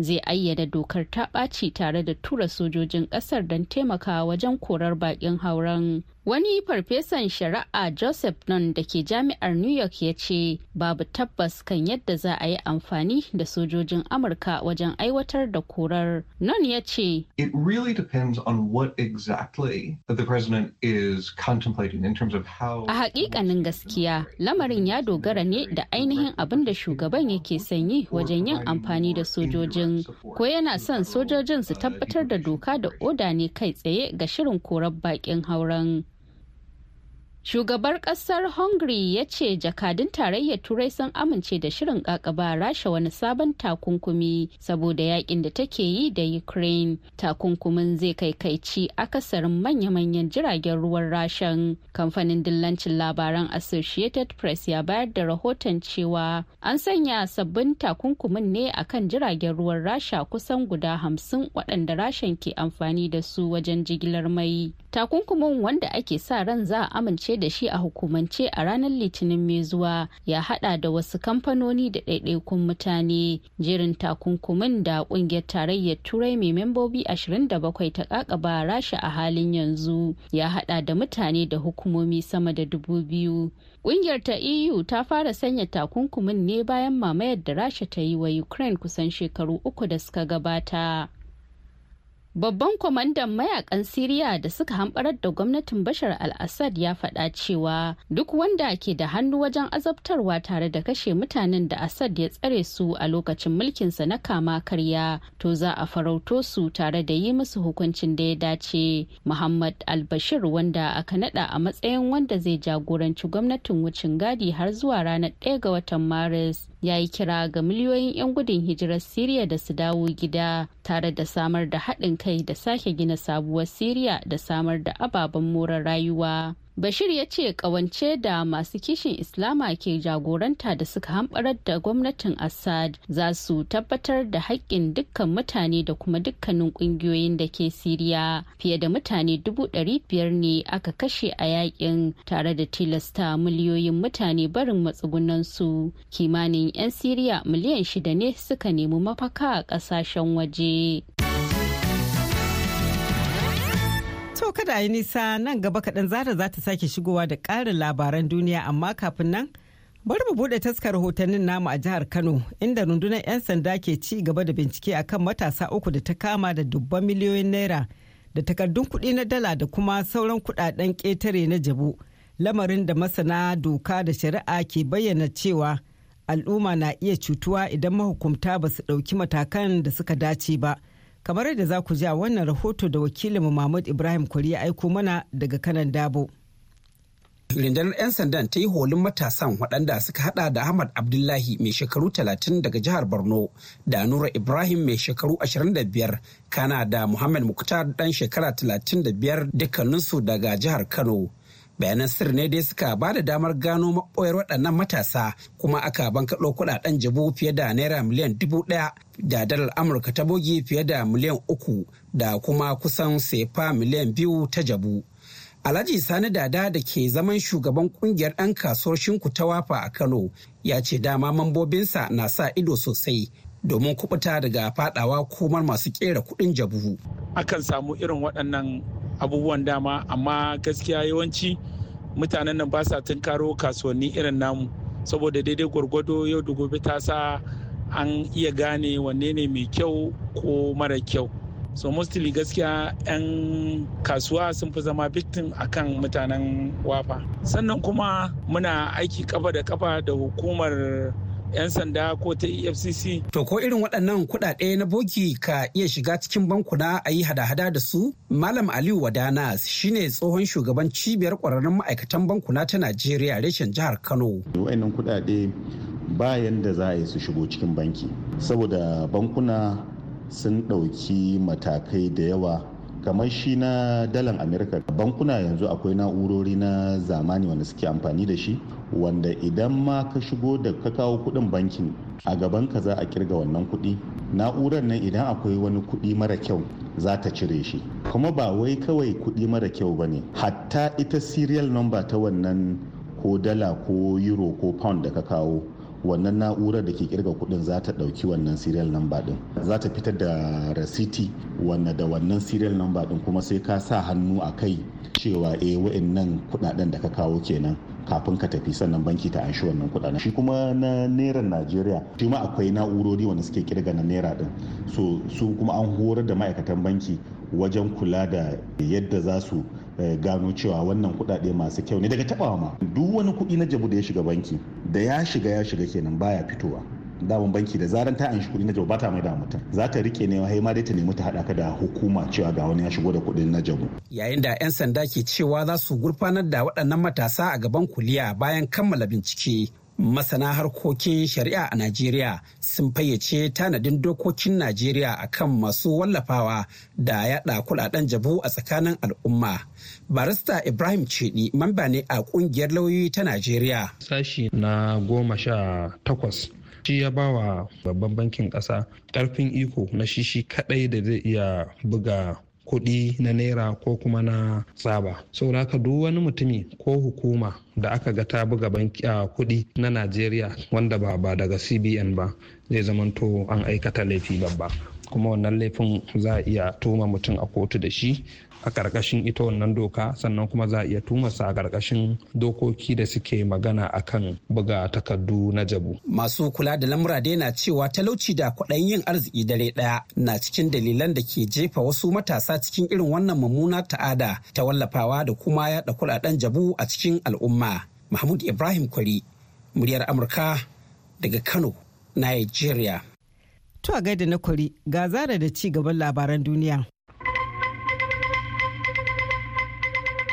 zai ayyada dokar ta ɓaci tare da tura sojojin ƙasar don taimakawa wajen korar baƙin hauren Wani farfesan shari'a Joseph Nunn da ke jami'ar New York ya ce babu tabbas kan yadda za a yi amfani da sojojin Amurka wajen aiwatar da korar. Nunn ya ce, It really depends on what exactly the president is contemplating in terms of how... A haƙiƙanin gaskiya, lamarin ya dogara ne da ainihin abin da shugaban yake sanyi wajen yin amfani da sojojin. Ko yana son sojojin su tabbatar da doka da oda ne kai tsaye ga shirin korar baƙin hauren. shugabar kasar hungary ya ce jakadun tarayyar turai sun amince da shirin kakaba rasha wani sabon takunkumi saboda yakin da take yi da ukraine takunkumin zai kai kaikaici akasarin manya-manyan jiragen ruwan rashan kamfanin dillancin labaran associated press ya bayar da rahoton cewa an sanya sabbin takunkumin ne akan jiragen ruwan rasha kusan guda hamsin waɗanda rashan ke amfani da su wajen jigilar mai takunkumin wanda ake sa ran za a amince da shi a hukumance a ranar litinin mai zuwa ya hada da wasu kamfanoni da ɗaiɗaikun mutane Jirin takunkumin da ƙungiyar tarayyar turai mai membobi 27 ta kakaba rasha a halin yanzu ya hada da mutane da hukumomi sama da dubu biyu Ƙungiyar ta EU ta fara sanya takunkumin ne bayan mamayar da Rasha ta yi wa Ukraine kusan shekaru uku da suka gabata. Babban kwamandan mayakan Siriya da suka hamɓarar da gwamnatin Bashar al-Assad ya faɗa cewa duk wanda ke da hannu wajen azabtarwa tare da kashe mutanen da Assad ya tsare su a lokacin mulkinsa na kama karya to za a farauto su tare da yi musu hukuncin da ya dace. Muhammad al-Bashir wanda aka naɗa a matsayin wanda zai jagoranci gwamnatin wucin gadi har zuwa ranar 1 ga watan Maris ya yi kira ga miliyoyin 'yan gudun hijirar Siriya da su dawo gida tare da samar da haɗin kai da sake gina sabuwar Siriya da samar da ababen more rayuwa. bashir ya ce kawance da masu kishin islama ke jagoranta da suka hamɓarar da gwamnatin assad za su tabbatar da haƙƙin dukkan mutane da kuma dukkanin ƙungiyoyin da ke siriya fiye da mutane dubu ɗari biyar ne aka kashe a yaƙin tare da tilasta miliyoyin mutane barin matsugunansu kimanin 'yan siriya miliyan shida ne suka nemi mafaka a ƙasashen waje To kada a yi nisa nan gaba kaɗan zara za ta sake shigowa da ƙarin labaran duniya amma kafin nan bari mu buɗe taskar rahotannin namu a jihar Kano inda rundunar 'yan sanda ke ci gaba da bincike akan matasa uku da ta kama da dubban miliyoyin naira da takardun kuɗi na dala da kuma sauran kuɗaɗen ƙetare na jabu lamarin da masana doka da shari'a ke bayyana cewa al'umma na iya cutuwa idan mahukumta ba su ɗauki matakan da suka dace ba. kamar yadda za ku a wannan rahoto da wakilinmu mahmud ibrahim kuri ya aiko mana daga kanan dabo rundunar 'yan sandan ta yi holin matasan waɗanda suka hada da ahmad abdullahi mai shekaru 30 daga jihar borno da nura ibrahim mai shekaru 25 kana da muhammad muktar dan shekara 35 dukkaninsu daga jihar kano bayanan sir ne dai suka ba da damar gano maɓoyar waɗannan matasa kuma aka bankaɗo kuɗaɗen jibu fiye da naira miliyan dubu ɗaya da dalar amurka ta bogi fiye da miliyan uku da kuma kusan sefa miliyan biyu ta jabu alhaji sani dada da ke zaman shugaban kungiyar 'yan kasuwar shinku ta wafa a kano ya ce dama mambobinsa na sa ido sosai domin kuɓuta daga faɗawa komar masu ƙera kuɗin jabu akan samu irin waɗannan abubuwan dama amma gaskiya yawanci mutanen nan ba sa tunkaro kasuwanni irin namu saboda daidai gwargwado yau da gobe ta sa an iya gane wanne ne mai kyau ko mara kyau so mostly gaskiya 'yan kasuwa sun fi zama victim akan mutanen wafa sannan kuma muna aiki kafa da kafa da hukumar 'yan sanda ko ta efcc to ko irin waɗannan kuɗaɗe na bogi ka iya shiga cikin bankuna a yi hada-hada da su malam aliyu wadana shine tsohon shugaban cibiyar ƙwararrun ma'aikatan bankuna ta najeriya reshen jihar kano waɗannan kuɗaɗe bayan da za a yi su shigo cikin banki saboda bankuna sun ɗauki matakai da yawa kamar shi na dalan amerika bankuna yanzu akwai na'urori na zamani wanda suke amfani da shi wanda idan ma ka shigo da ka kawo kudin bankin a gaban ka za a kirga wannan kudi na'urar nan idan akwai wani kudi mara kyau za ta cire shi kuma ba wai kawai kudi mara kyau ba ne hatta ita serial number ta wannan ko dala ko euro ko pound da ka kawo wannan na'urar da ke kirga kudin za ta dauki wannan serial number din za ta fitar da rasiti wanda da wannan serial number din kuma sai ka sa hannu a kai cewa eh wa'annan kudaden da ka kawo kenan kafin ka tafi sannan banki ta anshi wannan kudaden shi kuma na naira najeriya shi ma akwai na'urori wanda suke kirga na naira din so su kuma an horar da ma'aikatan banki wajen kula da yadda za su Eh, gano cewa wannan kuɗaɗe masu kyau ne daga taɓawa ma duk wani kuɗi na jabu da ya shiga banki da ya shiga ya shiga kenan baya fitowa damun banki da zaran ta an na jabu ba ta mai da mutum za ta rike ne wa ma dai ta nemi ta haɗa ka da hukuma cewa ga wani ya shigo da kuɗi na jabu. yayin da 'yan sanda ke cewa za su gurfanar da waɗannan matasa a gaban kuliya bayan kammala bincike masana harkokin shari'a a najeriya sun fayyace tanadin dokokin najeriya akan masu wallafawa da yada kudaden jabu a tsakanin al'umma barista ibrahim cedi mamba ne a ƙungiyar lauyoyi ta najeriya sashi na goma sha takwas shi ya ba wa babban bankin ƙasa. Ƙarfin iko na shi shi kadai da zai iya buga kuɗi na naira ko kuma na tsaba saboda haka duk wani mutumi ko hukuma da aka ga ta buga banki a kuɗi na najeriya wanda ba ba daga cbn ba zai zamanto an aikata laifi babba kuma wannan laifin za a iya tuma mutum a kotu da shi a ƙarƙashin ita wannan doka sannan kuma za a iya tumasa a ƙarƙashin dokoki da suke magana a kan buga takardu na jabu. Masu kula da lamura dai na cewa talauci da kwaɗayin yin arziki dare ɗaya na cikin dalilan da ke jefa wasu matasa cikin irin wannan mummuna ta'ada ta wallafawa da kuma yaɗa kuɗaɗen jabu a cikin al'umma. Mahmud Ibrahim Kwari, muryar Amurka daga Kano, Nigeria. To a gaida na kwari ga zara da ci gaban labaran duniya.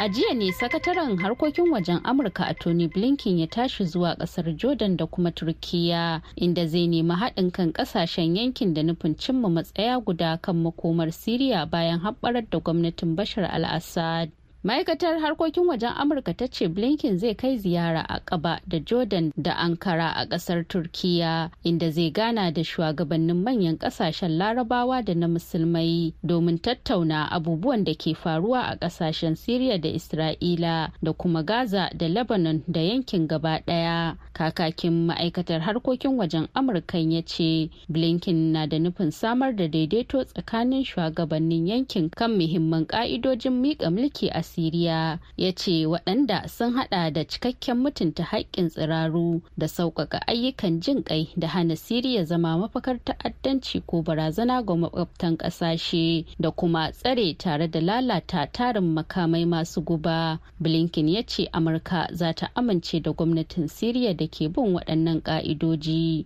A jiya ne sakataren harkokin wajen Amurka a Tony Blinken ya tashi zuwa kasar Jordan da kuma Turkiya inda zai nemi haɗin kan ƙasashen yankin da nufin cimma matsaya guda kan makomar Siriya bayan haɓɓarar da gwamnatin Bashar al-Assad. ma'aikatar harkokin wajen amurka ta ce blinken zai kai ziyara a kaba da jordan da ankara a kasar turkiya inda zai gana da shugabannin manyan kasashen larabawa da na musulmai domin tattauna abubuwan da ke faruwa a kasashen syria da isra'ila da kuma gaza da lebanon da yankin gaba daya kakakin ma'aikatar harkokin wajen amurka ya ce blinken na da nufin samar da daidaito tsakanin shugabannin yankin kan muhimman ka'idojin miƙa mulki a siriya ya ce waɗanda sun hada da cikakken mutunta haƙƙin tsiraru da sauƙaƙa ayyukan jin ƙai da hana siriya zama mafakar ta'addanci ko barazana ga makwabtan ƙasashe da kuma tsare tare da lalata tarin makamai masu guba blinken ya ce amurka za ta amince da gwamnatin siriya da ke bin waɗannan ƙa'idoji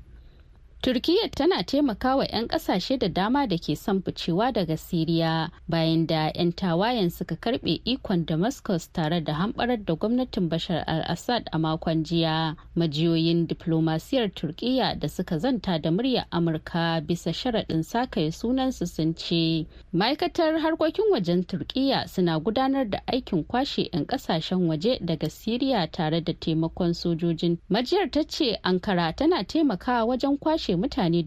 turkiyya tana taimakawa 'yan kasashe da dama da ke son ficewa daga siriya bayan da 'yan tawayen suka karbe ikon damascus tare da hamɓarar da gwamnatin bashar al-assad a makon jiya majiyoyin diplomasiyar turkiyya da suka zanta da murya amurka bisa sharaɗin sakaye sunansu sun ce ma'aikatar harkokin wajen turkiyya suna gudanar da aikin kwashe 'yan kasashen waje daga siriya tare da taimakon sojojin majiyar ta ce ankara tana taimakawa wajen kwashe kashe mutane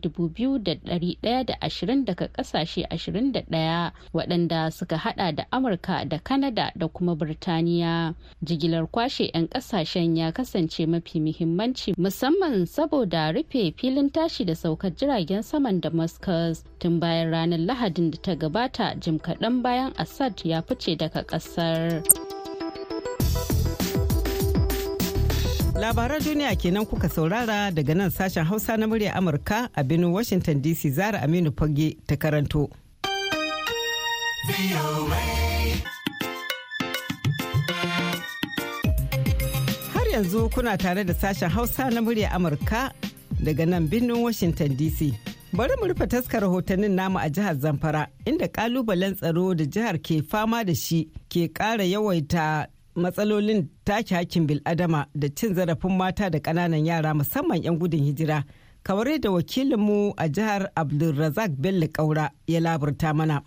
ashirin daga kasashe 21 waɗanda suka hada da amurka da kanada da kuma birtaniya jigilar kwashe 'yan kasashen ya kasance mafi muhimmanci musamman saboda rufe filin tashi da saukar jiragen saman damascus tun bayan ranar lahadin da ta gabata jim kaɗan bayan assad ya fice daga ƙasar. Labaran duniya kenan kuka saurara daga nan sashen Hausa na murya Amurka a birnin Washington DC Zara Aminu Fage ta karanto. Har yanzu kuna tare da sashen Hausa na murya Amurka daga nan birnin Washington DC. Bari mu rufe taskar rahotannin namu a jihar Zamfara inda kalubalen tsaro da jihar ke fama da shi ke ƙara yawaita matsalolin taki hakkin bil'adama da cin zarafin mata da ƙananan yara musamman 'yan gudun hijira kamar yadda wakilinmu a jihar abdulrazak bello kaura ya laburta mana.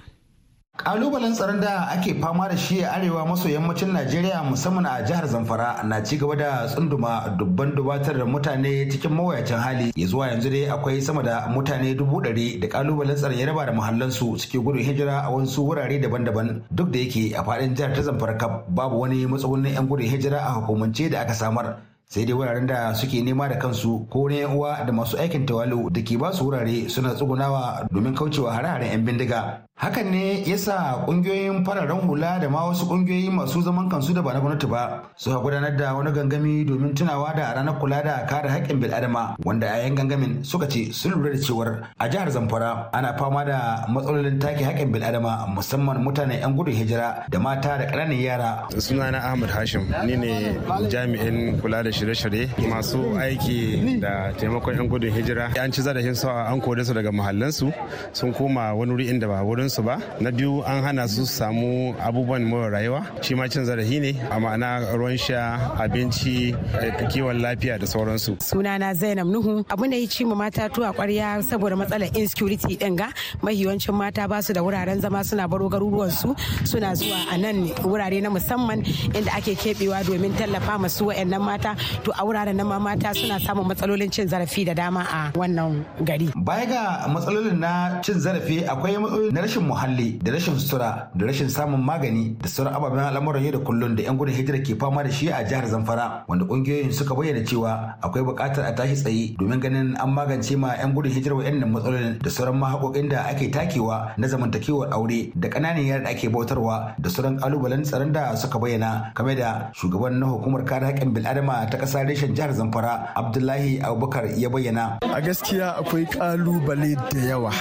Ƙalubalen tsaron da ake fama da shi a arewa maso yammacin Najeriya musamman a jihar Zamfara na ci gaba da tsunduma dubban dubatar da mutane cikin mawuyacin hali. Ya zuwa yanzu dai akwai sama da mutane dubu ɗari da ƙalubalen tsaron ya raba da muhallansu suke gudun hijira a wasu wurare daban-daban duk da yake a faɗin jihar ta Zamfara kaf babu wani matsugunin 'yan gudun hijira a hukumance da aka samar. sai dai wuraren da suke nema da kansu ko ne yan uwa da masu aikin tawalu da ke ba su wurare suna tsugunawa domin kaucewa hare-haren yan bindiga hakan ne yasa kungiyoyin fararen hula da ma wasu kungiyoyi masu zaman kansu da ba na gwamnati ba suka gudanar da wani gangami domin tunawa da ranar kula da kare haƙƙin bil'adama wanda a gangamin suka ce sun lura da cewar a jihar zamfara ana fama da matsalolin take haƙƙin bil'adama musamman mutanen 'yan gudun hijira da mata da ƙananan yara sunana ahmad hashim ni ne jami'in kula da shi shirye-shirye masu aiki da taimakon 'yan gudun hijira an ci zarafin su an kore su daga muhallansu sun koma wani wuri inda ba wurin su ba na biyu an hana su samu abubuwan more rayuwa shi ma cin zarafi ne a ma'ana ruwan sha abinci eh, kiwon lafiya da sauransu sunana zainab nuhu abu ne ci ma mata tuwa kwarya saboda matsalar insecurity din ga mahiyancin mata ba su da wuraren zama suna baro garuruwan su suna zuwa a nan wurare na musamman inda ake kebewa domin tallafa masu wa'annan mata to a wuraren nan mata suna samun matsalolin cin zarafi da dama a wannan gari baya ga matsalolin na cin zarafi akwai matsaloli na rashin muhalli da rashin sutura da rashin samun magani da sauran ababen al'amuran yau da kullum da yan gudun hijira ke fama da shi a jihar zamfara wanda kungiyoyin suka bayyana cewa akwai buƙatar a tashi tsaye domin ganin an magance ma yan gudun hijira wa'annan matsalolin da sauran mahaƙoƙin da ake takewa na zamantakewar aure da ƙananan yara da ake bautarwa da sauran ƙalubalen tsaron da suka bayyana kamar da shugaban na hukumar kare haƙƙin bil'adama ta kasar reshen jihar Zamfara Abdullahi Abubakar ya bayyana. A gaskiya akwai kalubale da yawa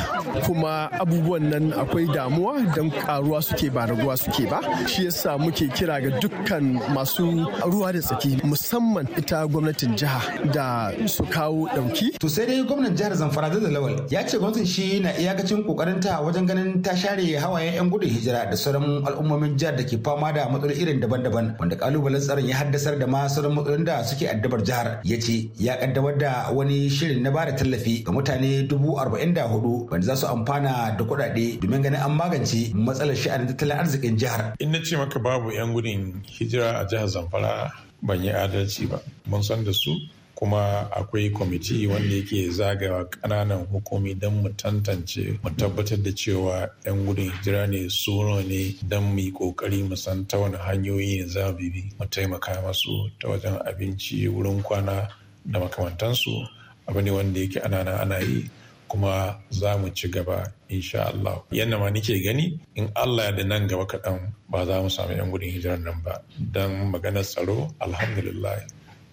kuma abubuwan nan akwai damuwa don karuwa suke ba raguwa suke ba shi yasa muke kira ga dukkan masu ruwa da tsaki musamman ita gwamnatin jiha da su kawo ɗauki. To sai dai gwamnan jihar Zamfara da Lawal ya ce gwamnatin shi na iyakacin kokarinta wajen ganin ta share hawayen 'yan gudun hijira da sauran al'ummomin jihar da ke fama da matsaloli irin daban-daban wanda kalubalen tsarin ya haddasar da ma sauran matsalolin da suke addabar jihar ya ce ya kaddamar da wani shirin na bada tallafi ga mutane dubu arba'in da hudu wanda za su amfana da kuɗaɗe domin ganin an magance matsalar sha'anin tattalin arzikin jihar. In na ce maka babu 'yan gudun hijira a jihar Zamfara ban yi adalci ba. Mun san da su kuma akwai kwamiti wanda yake zagawa ƙananan hukumi don mu tantance mu tabbatar da cewa 'yan gudun hijira ne suno ne don mu yi ƙoƙari mu san ta wani hanyoyi ne za mu bi mu taimaka masu ta wajen abinci wurin kwana da makamantansu abu ne wanda yake ana ana yi kuma za mu ci gaba insha Allah. Yadda ma nike gani in Allah da nan gaba kaɗan ba za mu samu 'yan gudun hijirar nan ba don maganar tsaro alhamdulillah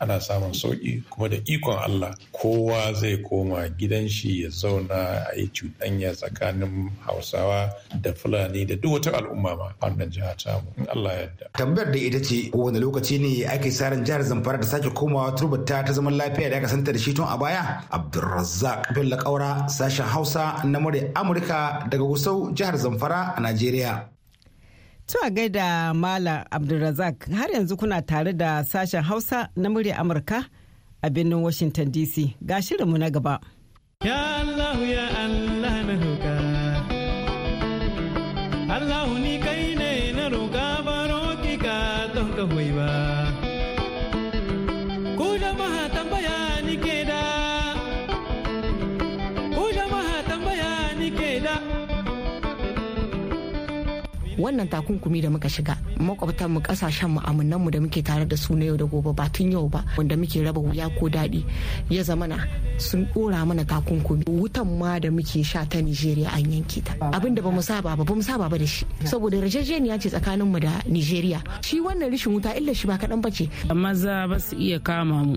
ana samun sauƙi kuma da ikon Allah kowa zai koma gidan shi ya zauna a yi cuɗanya tsakanin Hausawa da Fulani da duk wata al'umma ma wannan jiha tamu in Allah yarda. Tambayar da ita ce wani lokaci ne ake sarin jihar Zamfara da sake komawa turbata ta zaman lafiya da aka santa da shi tun a baya? Abdulrazak. Bello Kaura sashen Hausa na murya Amurka daga Gusau jihar Zamfara a Najeriya. Tuwa gaida Malam Abdulrazak har yanzu kuna tare da sashen Hausa na murya Amurka a birnin Washington DC ga shirinmu na gaba. Ya Allah ya Allah na roƙa. Allah ni kai ne na roƙa ba roƙi ka don ka ba. wannan takunkumi da muka shiga makwabtanmu kasashen mu da muke tare da su na yau da gobe ba tun yau ba wanda muke raba wuya ko daɗi ya zamana sun dora mana takunkumi wutan ma da muke sha ta nigeria an yanke ta abin bamu saba ba bamu saba ba da shi saboda yarjejeniya ce tsakanin mu da nigeria shi wannan rishin wuta illa shi ba kaɗan bace maza ba su iya kama mu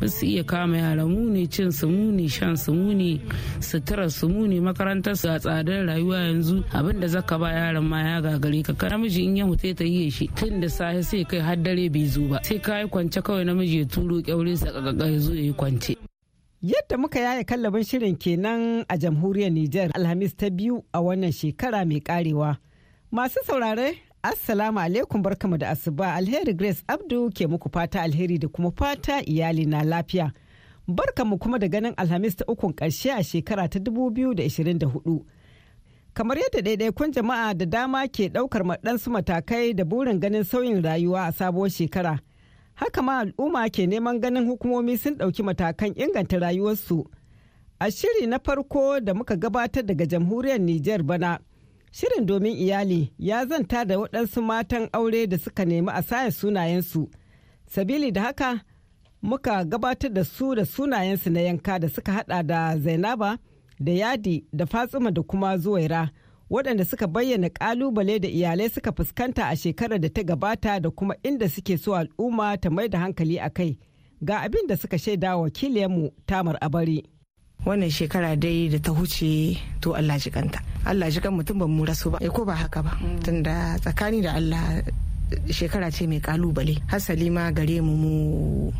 ba su iya kama yara mu ne cin su mu ne shan su mu ne sutura su mu ne makarantar su a tsadar rayuwa yanzu abinda da zaka ba yaran ma ya gagare ka namiji in ya hute ta yi shirye shi tun da safe sai kai har dare bai zo ba sai ka yi kwance kawai namiji ya turo kyaure sa kaka ya zo ya kwance Yadda muka yaya kallaban shirin kenan a jamhuriyar Nijar Alhamis ta biyu a wannan shekara mai karewa. Masu saurare, Assalamu alaikum barkamu da asuba alheri Grace Abdu ke muku fata alheri da kuma fata iyali na lafiya. Barkamu kuma da ganin Alhamis ta ukun karshe a shekara ta 2024. kamar yadda ɗaiɗaikun jama'a da dama ke ɗaukar maɗansu matakai da burin ganin sauyin rayuwa a sabuwar shekara haka ma al'umma ke neman ganin hukumomi sun ɗauki matakan inganta rayuwarsu a shiri na farko da muka gabatar daga jamhuriyar Nijar bana shirin domin iyali ya zanta da waɗansu matan aure da suka nemi a sayar sunayensu sabili da haka muka gabatar da su da sunayensu na yanka da suka haɗa da zainaba da yadi da fatsima da kuma zuwaira waɗanda suka bayyana ƙalubale da iyalai suka fuskanta a shekarar da ta gabata da kuma inda suke so al'umma ta mai da hankali a kai ga abin da suka shaida wakilinmu tamar abari wannan shekara dai da ta huce to allah jikanta allah jikan mutum ban mu rasu ba eh, ko ba haka ba mm. tunda tsakani da allah shekara ce mai kalubale hasali ma gare mu mu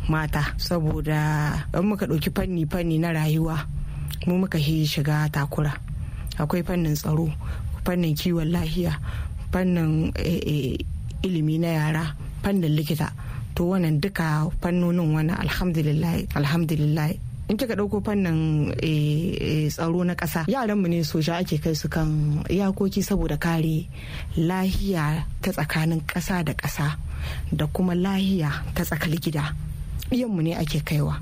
mata saboda in muka ɗauki fanni fanni na rayuwa mu muka hi shiga takura akwai fannin tsaro fannin kiwon lahiya fannin eh, eh, ilimi na yara fannin likita to wannan duka fannonin wani alhamdulillah in kika ɗauko fannin eh, tsaro na ƙasa yaranmu ne soja ake kai su kan iyakoki saboda kare lahiya ta tsakanin ƙasa da ƙasa da kuma lahiya ta tsakal gida ɗiyanmu ne ake kaiwa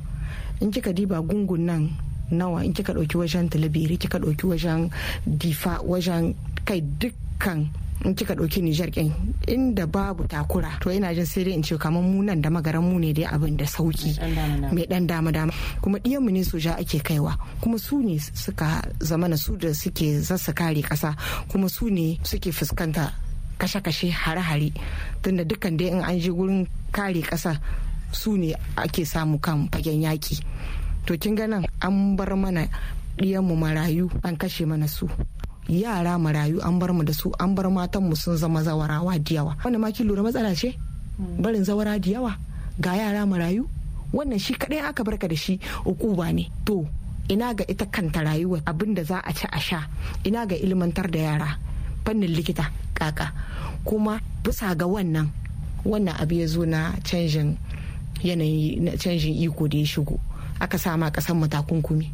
in kika diba gungun nan nawa in kika ɗauki wajen talabiri kika ɗauki wajen difa wajen kai dukkan in kika ɗauki Nijar ɗin inda babu takura to ina jin sai dai in ce kamar mu nan da magaran mu ne dai abin da sauki mai dan dama dama kuma ɗiyanmu mu ne soja ake kaiwa kuma su ne suka zamana su da suke zasa kare ƙasa kuma su ne suke fuskanta kashe-kashe hare-hare tunda dukkan dai in an je gurin kare ƙasa su ne ake samu kan fagen yaƙi to kin ga nan an bar mana mu marayu an kashe mana su yara marayu an bar mu da su an bar matanmu sun zama zawarawa diyawa yawa wannan ma kin lura matsala ce barin zawara diyawa ga yara marayu wannan shi kadai aka barka da shi ukuba ne to ina ga ita kanta rayuwa abin da za a ci a sha ina ga ilmantar da yara fannin likita kaka kuma bisa ga wannan wannan abu ya zo na canjin yanayi na canjin iko da ya shigo aka sama ƙasar mu takunkumi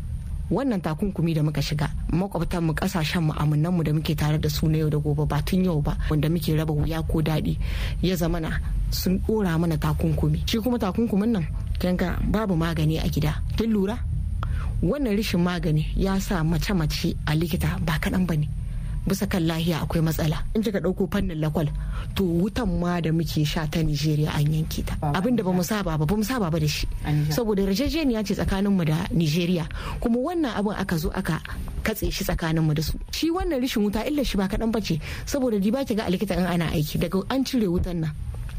wannan takunkumi da muka shiga makwabtan mu kasashen mu mu da muke tare da su na yau da gobe ba tun yau ba wanda muke raba wuya ko daɗi ya zamana sun ɗora mana takunkumi shi kuma takunkumin nan kanka babu magani a gida kin lura wannan rishin magani ya sa mace-mace a likita ba kaɗan ba ne bisa kan lahiya akwai matsala in kika ɗauko fannin lakwal to wutan ma da muke sha ta nigeria an yanke ta abin da ba mu saba ba ba saba ba da shi saboda yarjejeniya ce tsakanin mu da nigeria kuma wannan abin aka zo aka katse shi mu da su shi wannan rishin wuta illa shi ba kaɗan bace saboda di ba ki ga a likita in ana aiki daga an cire wutan nan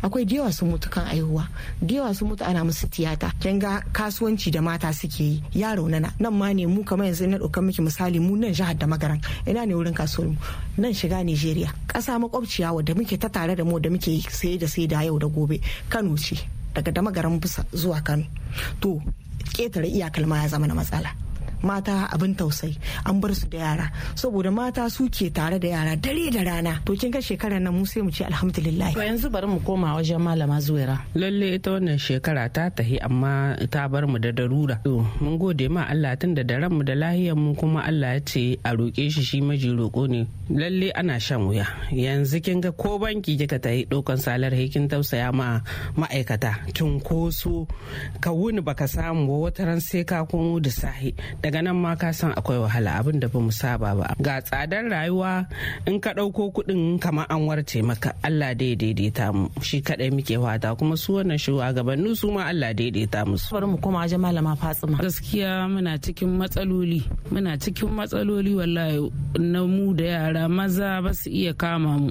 akwai da yawa sun mutu kan aihuwa da yawa sun mutu ana musu tiyata kin ga kasuwanci da mata suke yi ya raunana nan ma ne mu kamar yanzu na ɗauka miki misali mu nan jihar da magaran ina ne wurin kasuwar mu nan shiga Nigeria ƙasa makwabciya wadda muke ta tare da mu da muke saye da saida da yau da gobe Kano ce daga da magaran zuwa Kano to ketare iyakalma ya zama na matsala mata abin tausayi an bar su da yara saboda mata su ke tare da yara dare da rana to kin ga shekarar nan mu sai mu ce alhamdulillah to yanzu bari mu koma wajen malama zuwaira lalle ita wannan shekara ta tahi amma ta bar mu da darura to mun gode ma Allah tun da daren mu da lahiyar mu kuma Allah ya ce a roke shi shi maji roko ne lalle ana shan wuya yanzu kin ga ko banki kika tahi ɗaukan salar hikin tausaya ma ma'aikata su ka wuni baka samu wata sai ka komo da sahi daga nan ma ka san akwai wahala abin da bamu saba ba ga tsadar rayuwa in ka ɗauko kuɗin kama an warce maka Allah da daidaita mu shi kaɗai muke wata kuma su wannan shugabannin su ma Allah daidaita su. bari mu koma wajen malama Fatsima gaskiya muna cikin matsaloli muna cikin matsaloli wallahi na mu da yara maza ba su iya kama mu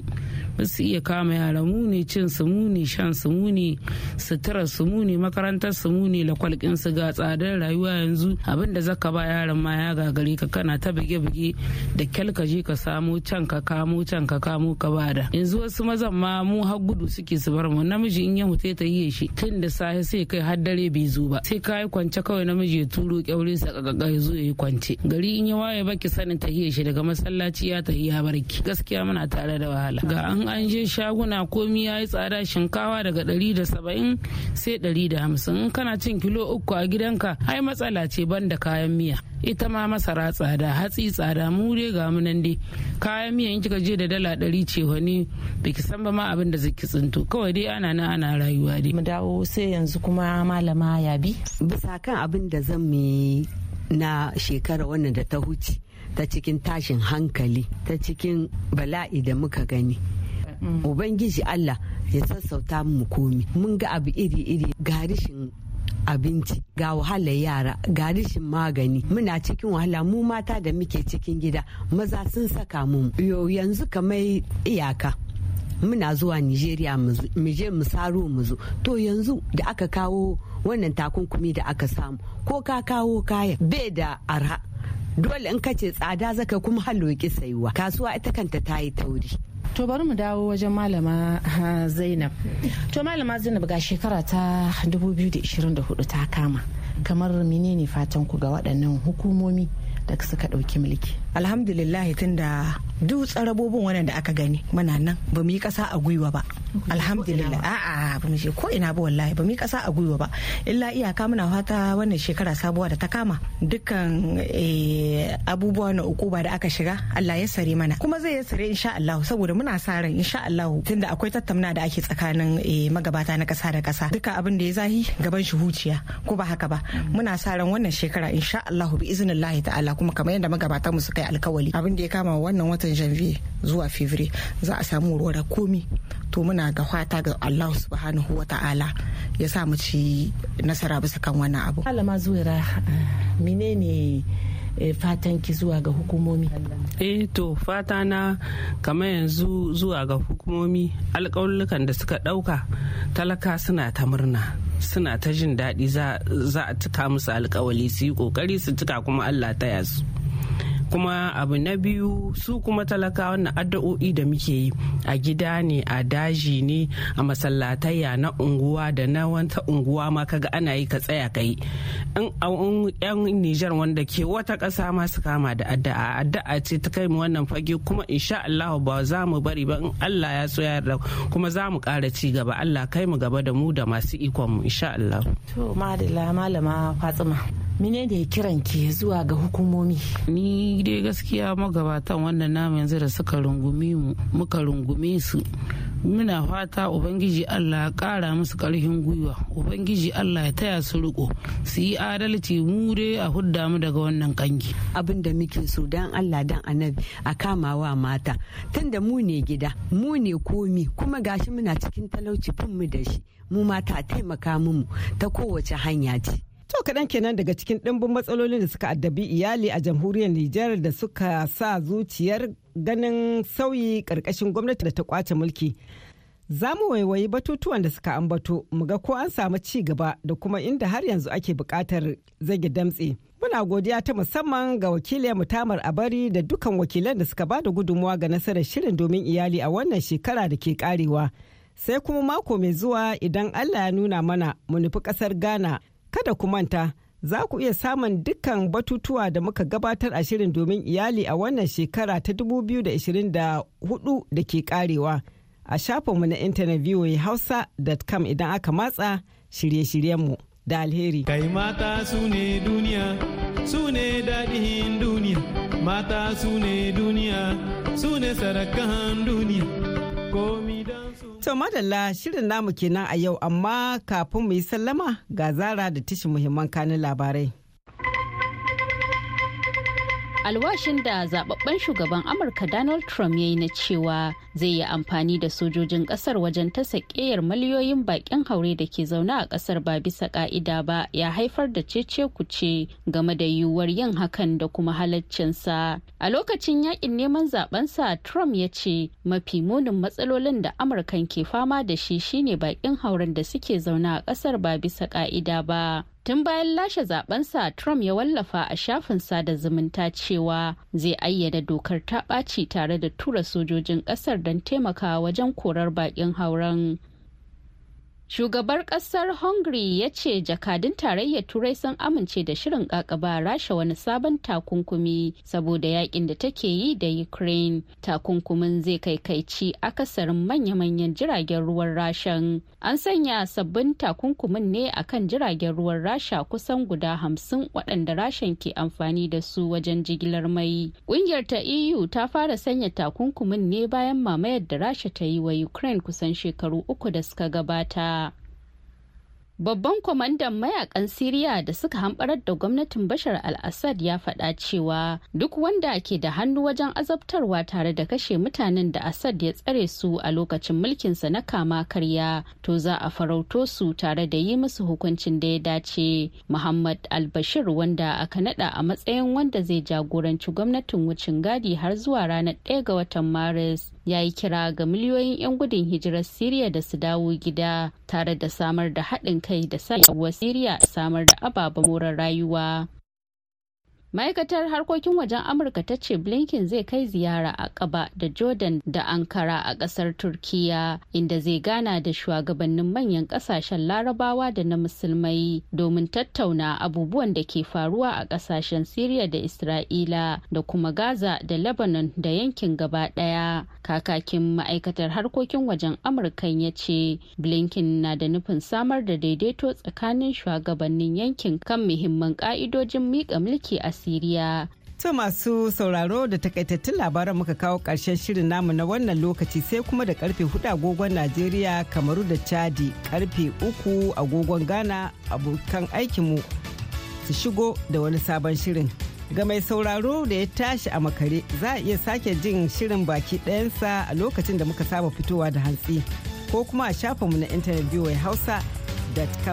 ba su iya kama yara muni cin su muni shan su muni sutura su muni makarantar su muni ne lakwalkin su ga tsadar rayuwa yanzu abin da zaka ba yaran ma ya gagare ka kana ta bige-bige da kyal ka samo can ka kamo can ka kamo ka bada yanzu wasu mazan ma mu har gudu suke su bar mu namiji in ya hute ta yi shi tun da safe sai kai har dare bai zo ba sai ka kwance kawai namiji ya turo kyaure sa kaka ya zo yi kwance gari in ya waye baki sanin ta shi daga masallaci ya ya barki gaskiya muna tare da wahala ga an in an je shaguna komi ya yi tsada shinkawa daga ɗari da saba'in sai 150 da in kana cin kilo uku a gidanka ai matsala ce ban da kayan miya ita ma masara tsada hatsi tsada mu dai ga mu nan dai kayan miya in kika je da dala ɗari ce wani biki san ba ma abin da zaki tsinto kawai dai ana na ana rayuwa dai mu dawo sai yanzu kuma malama ya bi. bisa kan abin da zan mu na shekara wannan da ta huce ta cikin tashin hankali ta cikin bala'i da muka gani Mm. ubangiji allah ya sassauta mu komi mun ga abu iri-iri Garishin abinci ga wahalar yara Garishin magani muna cikin wahala mu mata da muke cikin gida maza sun saka mu yanzu kamar iyaka muna zuwa nigeria mu je mu saro mu zo to yanzu da aka kawo wannan takunkumi da aka samu ko ka kawo kaya bai da arha dole in kace tsada zaka kuma haloki sayuwa kasuwa ita kanta ta yi tauri to bari mu dawo wajen malama zainab to malama zainab ga shekara ta 2024 ta kama kamar menene fatan ku ga waɗannan hukumomi da suka ɗauki mulki alhamdulillah tunda duk rabobin wannan da aka gani muna nan ba mu yi kasa a gwiwa ba alhamdulillah a'a ba mu ko ina ba wallahi ba mu yi kasa a gwiwa ba illa iyaka muna fata wannan shekara sabuwa da ta kama dukkan eh, abubuwa na ukuba da aka shiga Allah ya sare mana kuma zai ya sare insha Allah saboda muna sa ran insha Allah tunda akwai tattauna da ake tsakanin eh, magabata na kasa da kasa duka abin da ya zahi gaban shi huciya ko ba haka ba mm. muna sa ran wannan shekara insha Allah bi iznillahi ta'ala kuma kamar yadda magabatan mu suka yi alkawali abin da ya kama wannan watan janvier zuwa fevri za a samu ruwa komi to muna ga fata ga allah subhanahu wa ta'ala ya sa mu ci nasara bisa kan wannan abu malama zuwa menene eh, fatan ki zuwa ga hukumomi? eh to fata na kamar yanzu zuwa ga hukumomi alƙawullukan da suka ɗauka talaka suna ta murna suna ta jin daɗi za a cika musu alƙawali su yi ƙoƙari su cika kuma allah ta yasu. kuma abu na biyu su kuma talaka wannan addu'o'i da muke yi a gida ne a daji ne a masallatayya na unguwa da na wata unguwa ma kaga ana yi ka tsaya kai in yan Nijar wanda ke wata ƙasa ma su kama da addu'a addu'a ce ta kai mu wannan fage kuma insha Allah ba za mu bari ba in Allah ya so ya kuma za mu ƙara ci gaba Allah kai mu gaba da mu da masu ikon mu insha Allah to madalla malama Fatima mine da ya kiran ki zuwa ga hukumomi ni dai gaskiya magabatan wannan namu yanzu da suka rungumi mu muka rungume su muna fata ubangiji allah ya kara musu karfin gwiwa ubangiji allah ya taya su riko su yi adalci mu dai a hudda mu daga wannan kangi abin da muke so dan allah dan annabi a kamawa mata tunda mu ne gida mu ne komi kuma gashi muna cikin talauci fin mu da shi mu mata taimaka mu ta kowace hanya ce kaɗan kenan daga cikin ɗimbin matsalolin da suka addabi iyali a jamhuriyar Nijar da suka sa zuciyar ganin sauyi ƙarƙashin gwamnati da ta kwace mulki. Za mu waiwayi batutuwan da suka ambato mu ga ko an samu ci gaba da kuma inda har yanzu ake buƙatar zage damtse. Muna godiya ta musamman ga wakiliyar mutamar abari da dukkan wakilan da suka bada gudunmuwa ga nasarar shirin domin iyali a wannan shekara da ke karewa. Sai kuma mako mai zuwa idan Allah ya nuna mana mu nufi ƙasar Ghana Kada ku manta, za ku iya samun dukkan batutuwa da muka gabatar a shirin domin iyali a wannan shekara ta 2024 da ke karewa a shafinmu na intanet hausa.com idan aka matsa shirye-shiryenmu da alheri. Kai mata su ne duniya, su ne daɗin duniya, mata su ne duniya, su ne sarakan duniya. To madalla shirin namu kenan a yau amma kafin mu yi sallama ga zara da tishin muhimman kanin labarai. alwashin da zababben shugaban amurka donald trump ya yi na cewa zai yi amfani da sojojin kasar wajen ta sakeyar miliyoyin baƙin haure da ke zaune a kasar ba bisa ka'ida ba ya haifar da cece kuce game da yiwuwar yin hakan da kuma halaccinsa a lokacin yakin neman zabensa trump ya ce mafi munin matsalolin da amurkan ke fama da shi shine baƙin hauren da suke zaune a kasar ba bisa ka'ida ba tun bayan lashe zabensa trump ya wallafa a shafin sada zumunta cewa zai ayyada dokar ta ɓaci tare da tura sojojin ƙasar don taimakawa wajen korar baƙin hauren Shugabar kasar Hungary ya ce jakadun tarayyar Turai sun amince da shirin kakaba rasha wani sabon takunkumi saboda yakin da take yi da Ukraine. Takunkumin zai kai ci akasarin manya-manyan jiragen ruwan rashan. An sanya sabbin takunkumin ne a kan jiragen ruwan rasha kusan guda hamsin waɗanda rashan ke amfani da su wajen jigilar mai. Ƙungiyar ta EU ta fara sanya takunkumin ne bayan mamayar da rasha ta yi wa Ukraine kusan shekaru uku da suka gabata. Babban kwamandan mayakan Siriya da suka hamɓarar da gwamnatin Bashar al-Assad ya faɗa cewa duk wanda ke da hannu wajen azabtarwa tare da kashe mutanen da Assad ya tsare su a lokacin mulkinsa na kama karya to za a farauto su tare da yi musu hukuncin da ya dace. Muhammad al-Bashir wanda aka naɗa a matsayin wanda zai jagoranci gwamnatin wucin gadi har zuwa ranar 1 ga watan Maris ya yi kira ga miliyoyin 'yan gudun hijirar Siriya da su dawo gida tare da samar da haɗin kai da sa Siriya samar da ababen more rayuwa. ma'aikatar harkokin wajen amurka ta ce blinken zai kai ziyara a kaba da jordan da ankara a kasar turkiya inda zai gana da shugabannin manyan kasashen larabawa da na musulmai domin tattauna abubuwan da ke faruwa a kasashen syria da isra'ila da kuma gaza da lebanon da yankin gaba daya kakakin ma'aikatar harkokin wajen amurka ya ce blinken na da nufin samar da daidaito tsakanin shugabannin yankin kan muhimman ka'idojin miƙa mulki a Siriya. To masu sauraro da takaitattun labaran muka kawo ƙarshen shirin namu na wannan lokaci sai kuma da karfe hudu agogon Najeriya, Kamaru da Chadi, karfe uku agogon Ghana abokan aikinmu su shigo da wani sabon shirin. Ga mai sauraro da ya tashi a makare za a iya sake jin shirin baki ɗayansa a lokacin da muka saba fitowa da hantsi ko kuma a shafinmu na intanet hausa.com.